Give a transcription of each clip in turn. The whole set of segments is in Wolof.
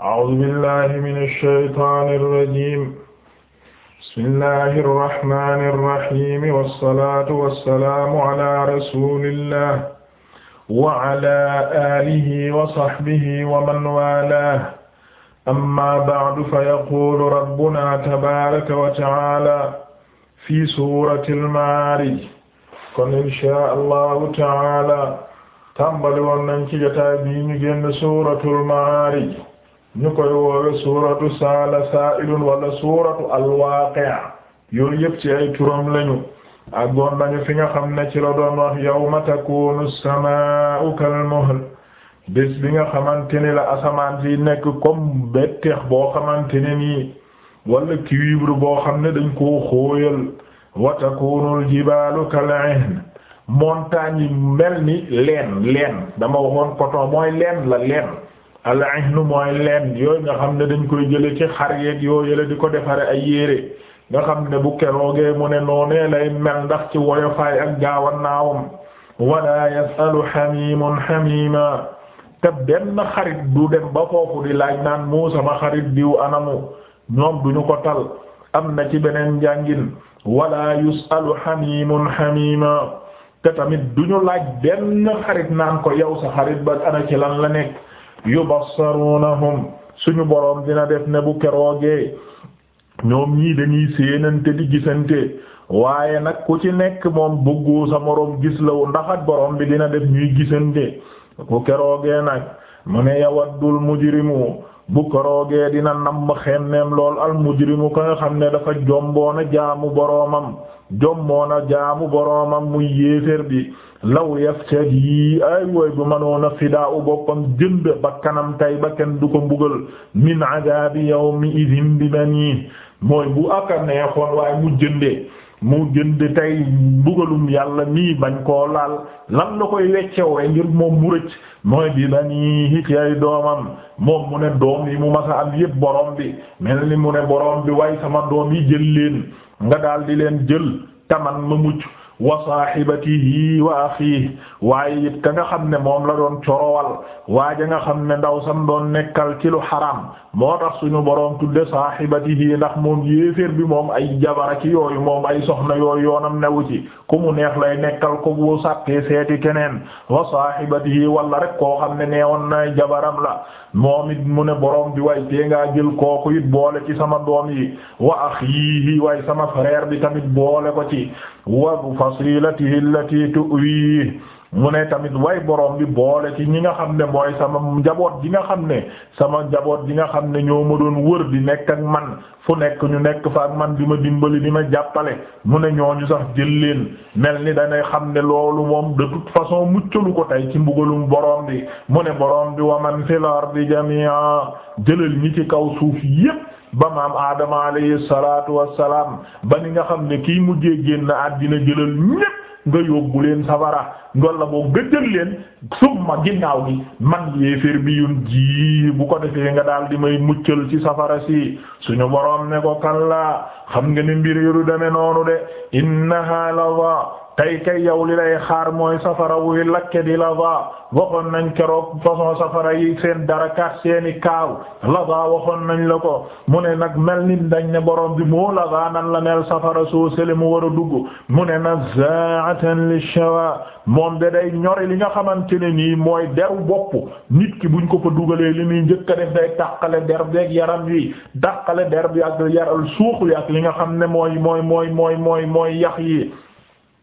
أعوذ بالله من الشيطان الرجيم بسم الله الرحمن الرحيم والصلاة والسلام على رسول الله وعلى آله وصحبه ومن والاه أما بعد فيقول ربنا تبارك وتعالى في سورة المعارج kon inshaa Allahu ta'ala tàmbali woon nañ ci jotaay bi ñu génn suuratul Ma'aarij ñu koy woowe suuratu saala saailun wala suuratu alwaaqi'a yooyu yëpp ci ay turam lañu àggoon nañu fi nga xam ne ci la doon wax yawma takuunu as-samaa'u kal bés bi nga xamante ni la asamaan si nekk comme betteex boo xamante ne nii wala cuivre boo xam ne dañ ko xóoyal wa takuunu al-jibaalu kal-'ihn yi mel ni leen leen dama waxoon coton mooy leen la leen al ihnu mooy leen yooyu nga xam ne dañ koy jële ci xar yeeg yoo yële di ko defaree ay yére nga xam ne bu keroogee mu ne noonee lay mel ndax ci woyofaay ak gaawa naawam wala yasalu xamimun xamima te benn xarit du dem ba foofu di laaj naan mu sama xarit biw anamu ñoom duñu ko tal am na ci beneen njàngin wala yusalu xamimun xamima te tamit duñu laaj benn xarit naan ko yow sa xarit ba ana ci lan la nekk yubassarunahum suñu borom dina def ne bu keroogee ñoom ñii dañuy séenante di gisante waaye nag ku ci nekk moom bëggu sa moroom gis la ndaxat boroom bi dina def ñuy gisante bu keroogee nag mu ne yawaddul mujrimu bu koroogee dina namm xemmeem lool al mujrimu ko nga xam ne dafa jomboona jaamu boroomam jomboona jaamu boroomam muy yéeféer bi law yaftadi ay woy bu mënoon a fidaa u boppam jënd ba kanam tay ba kenn du ko mbugal min adabi yawmi idin bi bani mooy bu aka neexoon waaye mu jëndee mu gën di tey mbugalum yàlla mii bañ koo laal lan la koy wecceewee ngir moom mu rëcc mooy bi baniihi ci ay doomam moom mu ne doom yi mu masa am yépp borom bi mel ni mu ne borom bi way sama doom yi jël leen nga daal di leen jël taman ma mucc wa saahibatihi wa axiihi waaye it ka nga xam ne moom la doon corowal waaja nga xam ne ndaw sam doon nekkal ci lu xaram moo tax suñu boroom tudde saahibatihi ndax moom yéeféer bi moom ay jabara ki yooyu moom ay soxna yooyu yoonam newu ci ku mu neex lay nekkal ko bu sàkkee seeti keneen wa saahibatihi walla rek koo xam ne neewoon na jabaram la moom it mu ne boroom bi way tee ngaa jël kooku it boole ci sama doom yi wa akhihi way sama frère bi tamit boole ko ci wa fasilatihi allati tuwi mu ne tamit way borom bi boole ci ñi nga xam ne mooy sama njaboot ji nga xam ne sama njaboot ji nga xam ne ñoo ma doon wër di nekk ak man fu nekk ñu nekk fa ak man bi ma dimbali di ma jàppale mu ne ñooñu sax jël leen mel ni danay xam ne loolu moom de toute façon muccalu ko tey ci mbugalum borom bi mu ne borom bi wa man fil ardi jami'a jëlal ñi ci kaw suuf yépp ba maam aadama alayhi salaatu salaam ba ni nga xam ne kiy mujjee génn àddina jëlal ñépp nga yóbbu leen safara ndool la boo gëjal leen summa ginnaaw gi man yéeféer bi yun ji bu ko defee nga daal di may muccal ci safara si suñu boroom ne ko kallaa xam nga ne mbir yu du deme noonu de innaha la tey kay yow li lay xaar mooy safara wuy lakke di lava waxoon nañ keroog façon safara yi seen darakaat seeni kaaw lava waxoon nañ la ko mu ne nag mel ni dañ ne borom bi moo lava nan la mel safara soo seli mu war a dugg mu ne nazaatan lishawa moom de day ñori li nga xamante ne nii mooy deru bopp nit ki buñ ko ko dugalee li muy njëkk a def day dàqale der bi ak yaram yi dàqale der bi ak yaral suux yi ak li nga xam ne mooy mooy mooy mooy mooy mooy yax yi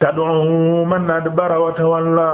ta tad'u man adbara wa tawalla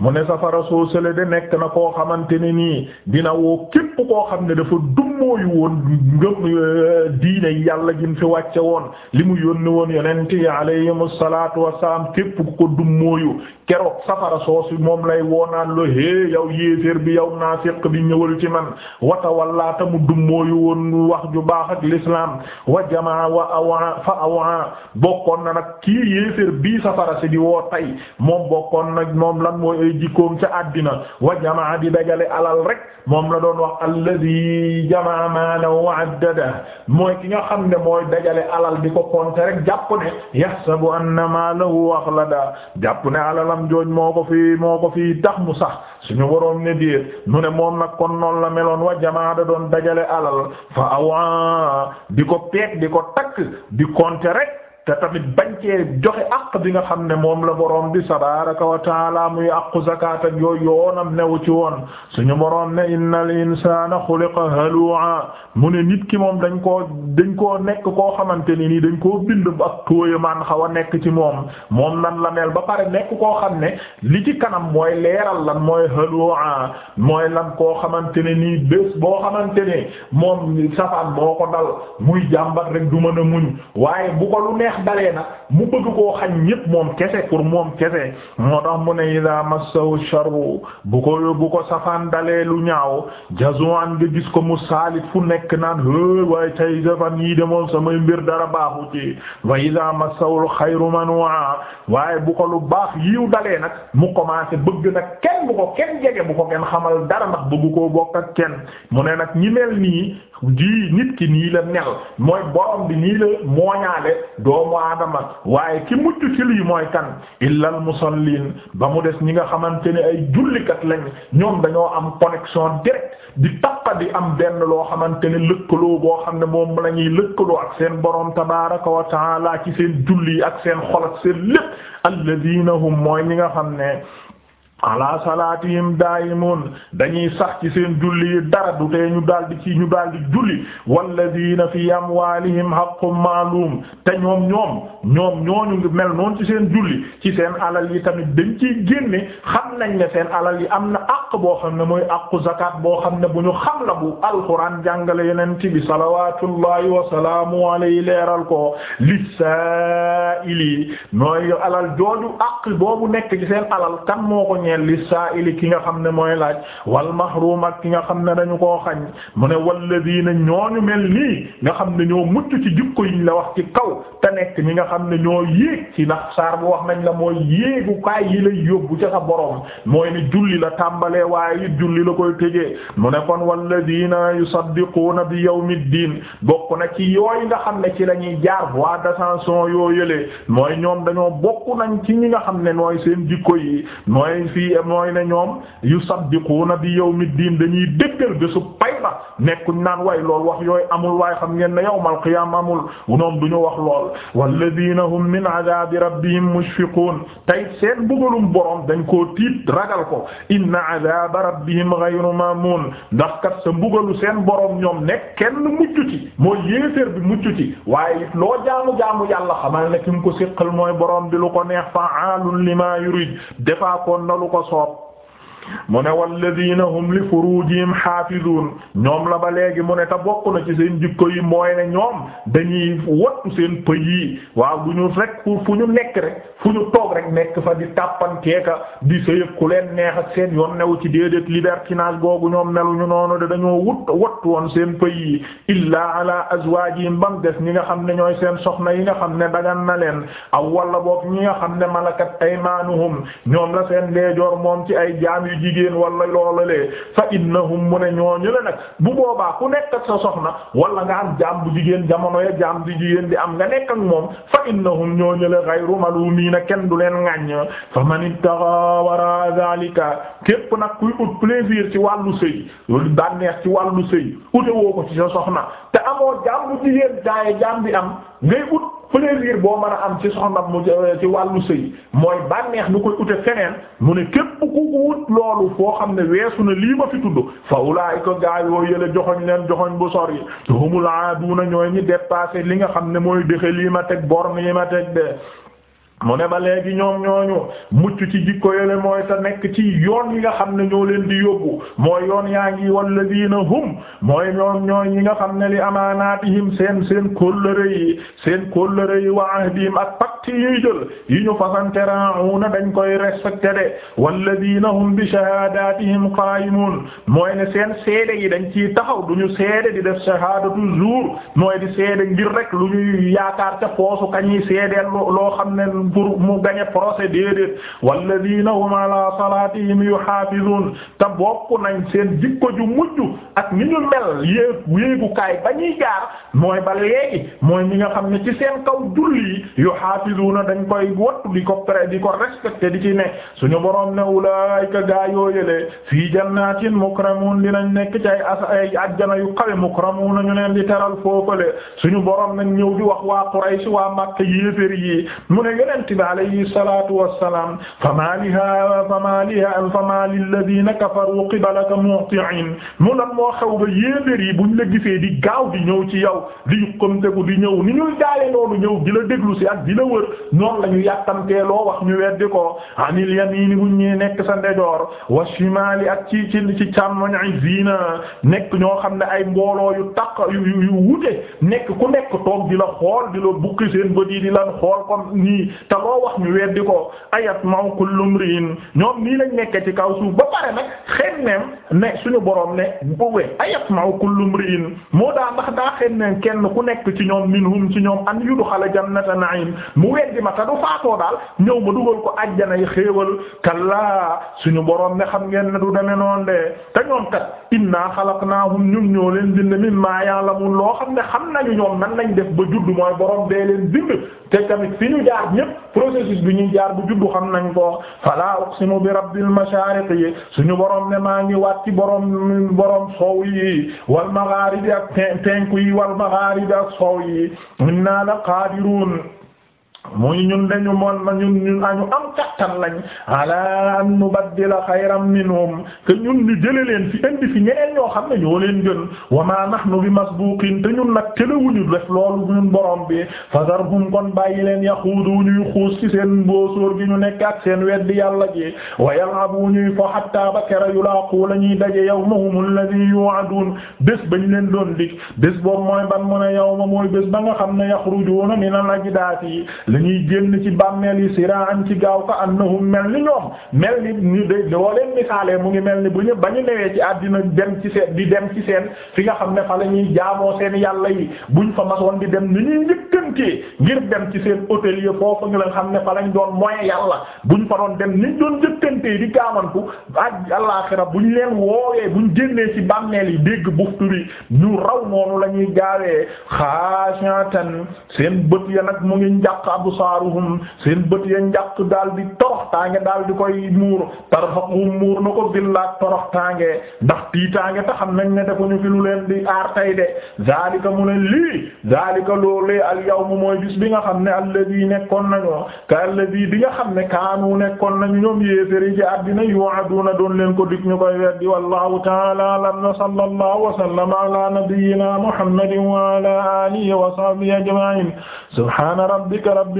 mu ne safara soo sele de nekk na koo xamante ne nii dina woo képp koo xam ne dafa dummóoyu woon ngëm euh, diine yàlla jim fi wàcce woon li mu yónni woon yonent yi alayhimu salaatu wassalaam képp ku ko dummóoyu keroog safara moom lay woonaan lo yow yéeféer bi yow naafiq bi ñëwal ci man wa tawalla ta mu dummóoyu woon wax ju baax ak l'islam wa jamaa wa awa fa awa bokkoon na nag kii yéeféer bi safara si di woo tay moom bokkoon nag moom lan mooy ay jikkoom ca àddina wa jamaa di dajale alal rek moom la doon wax alladi jamaa maala wa addada mooy ki nga xam ne mooy dajale alal di ko compter rek jàpp ne yahsabu anna maalahu axlada jàpp ne alalam jooj moo ko fi moo ko fi tax mu sax suñu waroon ne diir nu ne moom nag kon noonu la meloon wa jamaa da doon dajale alal fa awa di ko peek di ko takk di compter rek te tamit bañ cee joxe àq bi nga xam ne moom la boroom bi tabaaraka wa taala muy àqu zakaat ak yooyu yoonam newu ci woon suñu boroom ne innal insaana xuliqa halu'a mu ne nit ki moom dañ koo dañ koo nekk koo xamante ni nii dañ koo bind ak tóoyamaan xaw a nekk ci moom moom nan la mel ba pare nekk koo xam ne li ci kanam mooy leeral lan mooy halu'a mooy lan koo xamante ne nii bés boo xamante ne moom safaan boo ko dal muy jàmbat rek du mën a muñ waaye bu ko lu xaj dalee na mu bëgg koo xañ ñépp moom kese pour moom kese moo tax mu ne ida massahu sharru bu ko bu ko safaan dalee lu ñaaw jazuan nga gis ko mu saalit fu nekk naan hë waaye tay safan yii de moom samay mbir dara baaxu ci wa ida massahul xayru manua waaye bu ko lu baax yiw dalee nag mu commencé bëgg nag kenn bu ko kenn jege bu ko kenn xamal dara ndax bëgg koo bokk kenn mu ne nag ñi mel nii di nit ki nii la mel mooy borom bi nii la mooñaale doo doomu aadama waaye ki mucc ci mooy kan illal musallin ba mu des ñi nga xamante ne ay jullikat lañ ñoom dañoo am connexion direct di tappa di am benn loo xamante ne lëkkaloo boo xam ne moom la ñuy lëkkaloo ak seen borom tabaraka wa ki seen julli ak seen xol ak seen lépp alladina hum mooy ñi nga xam ne ala salatihim daimun dañuy sax ci seen julli yi dara du tee ñu daldi ci ñu daldi julli walladina fi amwalihim haqqun ma'lum te ñoom ñoom ñoom ñooñu mel noonu ci seen julli ci seen alal yi tamit dañ ciy génne xam nañ ne seen alal yi am na aq boo xam ne mooy àqu zakat boo xam ne bu ñu xam la bu alquran jàngale yeneen ci bi salawatullahi wa salaamu alayhi leeral ko lissaa'ili nooy alal jooju àq boobu nekk ci seen alal kan moo ko ñeel li saa'ili ki nga xam ne mooy laaj wal mahrum ak ki nga xam ne dañu koo xañ mu ne walladina ñooñu mel nii nga xam ne ñoo mucc ci jikko yiñ la wax ci kaw te nekk ñi nga xam ne ñoo yéeg ci ndax saar bu wax nañ la mooy yéegukaay yi lay yóbbu ca sa borom mooy ne julli la tàmbalee waaye it julli la koy tëjee mu ne kon walladina yusaddiquna bi yawmiddin bokk na ci yooyu nga xam ne ci la ñuy jaar yoo yëlee mooy ñoom dañoo bokk nañ ci ñi nga xam ne mooy seen jikko yi mooy fii mooy ne ñoom yusaddiquna bi yawmid diin dañuy dëggal bésu pay ba nekkuñ naan way lool wax yooyu amul waaye xam ngeen ne yawmal qiyaama amul ñoom du ñu wax lool walladina hum min adabi rabbihim mushfiqun tey seen bugalum borom dañ koo tiit ragal ko inna adaba rabbihim ghayru mamun ndax kat sa mbugalu seen borom ñoom nekk kenn mooy yéeféer bi mucc ci waaye it loo jaamu-jaamu yàlla xamal ne ki nga ko siqal mooy borom bi lu ko neex fa'aalun lima yurid defaa ko na ko mu ne walladina hum li furujihim xaafizuun ñoom la ba léegi mu ne te bokk na ci seen jikko yi mooy ne ñoom dañuy wattu seen pëy yi waaw bu ñu rek fu ñu nekk rek fu ñu toog rek nekk fa di tàppanteeka di sëyëg ku leen neex ak seen yoon new ci déedéet libertinage googu ñoom ñu noonu de dañoo wut wattu woon seen pëy yi illaa ala azwaajihim ba mu des ñi nga xam ne ñooy seen soxna yi nga xam ne dagan na leen aw walla boog ñi nga xam ne malakat aymaanuhum ñoom la seen yu jigéen wala loola lee fa innahum mu ne ñooñu la nag bu boobaa ku nekk ak sa soxna wala nga am jaam bu jigéen jamono ya jaam bu jigéen di am nga nekk ak moom fa innahum ñooñu la ghayru malumiina kenn du leen ŋaññ fa man ittaqa wara zalika képp nag kuy ut plaisir ci wàllu sëy loolu bànneex ci wàllu sëy utewoo ko ci sa soxna te amoo jaam bu jigéen daaye jaam bi am ngay ut plaisir boo mën a am ci soxna mu ci wàllu sëy mooy bànneex nu koy ute feneen mu ne képp ku wut loolu foo xam ne weesu na lii ma fi tudd fa ulaayika gaa yoo yële joxoñ leen joxoñ bu sor yi humul aaduna ñooy ñi dépassé li nga xam ne mooy dëxe lii ma teg borne yi ma teg de mu ne ba léegi ñoom ñooñu mucc ci jikko yole mooy te nekk ci yoon yi nga xam ne ñoo leen di yóbbu mooy yoon yaa ngi walladina hum mooy ñoom ñooy yi nga xam ne li amaanaatihim seen seen kóllëre yi seen kóllëre yi wa ahdihim ak pacte yuy jël yi ñu fasante rauna dañ koy respecté de walladina hum bi shahadatihim qaayimun mooy ne seen seede yi dañ ci taxaw du ñu seede di def shahadatu zuur mooy di seede ngir rek lu ñuy yaakaar ca poosu kañuy seedeel loo pour mu gañe procès déedéet walladina hum ala salatihim yuhafizun te bokk nañ seen jikko ju mujj ak ni ñu mel yéeg yéegukaay ba ñuy jaar mooy ba léegi mooy ñi nga xam ne ci seen kaw julli yi yuhafizuna dañ koy wattu di ko pré di ko respecté di ci ne suñu boroom ne ulaayka gaa yooyale fii jannatin mukramun dinañ nekk ci ay as ay ajjana yu kawe mukramun ñu leen di teral foofale suñu boroom nañ ñëw di wax waa Quraysh waa Makka yéefér yi mu ne yonent bi alayhi salaatu wassalaam fama liha fama liha fama lilladina kafaru qibalaka mu'ti'in mu lan moo xew ba yéeféer yi buñ la gisee di gaaw di ñëw ci yow di yuqamteku di ñëw ni ñuy daale noonu ñëw di la déglu si ak di la wër noonu la ñu yàttamtee loo wax ñu weddi ko anil yamini buñ ñee nekk sa ndejoor wa shimaali ak ci ci ci càmmoñ zina nekk ñoo xam ne ay mbooloo yu taq yu yu wute nekk ku nekk toog di la xool di la bukki seen bët yi di lan xool comme nii te loo wax ñu weddi ko ayat maw kullu mriin ñoom nii lañ nekke ci kaw suuf ba pare nag xemmeem ne suñu borom ne boobu ayat maw kullu mriin moo daa ndax daa xemmeem kenn ku nekk ci ñoom minhum ci ñoom an yudxala jannata na'im mu weddi ma te du faatoo daal ñëw ma dugal ko ajjana yi xéewal kallaa suñu borom ne xam ngeen ne du deme noon de te ñoom kat inna xalaqnaahum ñun ñoo leen bind mimmaa ya'lamuun loo xam ne xam nañu ñoom nan lañ def ba judd mooy borom dee leen te tamit fi ñu jaar ñépp processus bi ñuy jaar bu juddu xam nañ ko fala uqsimu bi rabbil mashariqi suñu borom ne maa ngi waat ci borom borom soow yi wal magharibi ak penku yi wal magharibi ak soow yi inna la qadirun muy ñun dañu moon na ñun ñun añu am kattan lañ ala an nubaddila xayran minhum que ñun ñu jële leen fi indi fi ñeneen ñoo xam ne ñoo leen gën wa ma nahnu bi masbuqin te ñun nag telewuñu def loolu ñun borom bi fadarhum kon bàyyi leen yaxuudu ñu xuus ci seen mbóosóor gi ñu nekk ak seen weddi yàlla ji wa yal'abu ñuy fo hatta ba kera yulaqu la ñuy daje yawmahum alladhi yu'adun bés bañ leen doon dik bés boobu mooy ban mu ne yawma mooy bés ba nga xam ne yaxrujuuna min dañuy génn ci bàmmeel yi siraan ci gaaw ka annahum mel ni ñoom mel ni ñu de doo leen misaalee mu ngi mel ni bu ñu ba ñu newee ci àddina dem ci seen di dem ci seen fi nga xam ne fa la ñuy jaamoo seen yàlla yi buñ fa masoon di dem ni ñuy njëkkantee ngir dem ci seen hôtel yi foofu nga leen xam ne fa lañ doon mooy yàlla buñ fa doon dem niñ doon njëkkantee di gaamantu ak àllaaxira buñ leen woowee buñ génnee ci bàmmeel yi dégg buftu bi ñu raw noonu la ñuy gaawee xaasatan absaaruhum seen bët ya njàq daal di toroxtaange daal di koy muur tarfaquhum muur na ko billaat toroxtaange ndax tiitaange te xam nañ ne defuñu fi lu leen di aar tay de zaalika mu ne lii zaalika loolee al yawm mooy bis bi nga xam ne alladhi nekkoon nañu ka alladhi bi nga xam ne kaanu nekkoon nañu ñoom yéeféri ci àddina yu'aduna doon leen ko dig ñu koy weddi wallahu ta'ala lam sallallahu wa sallama ala nabiyyina muhammadin wa ala alihi wa sahbihi ajma'in subhana rabbika rabbil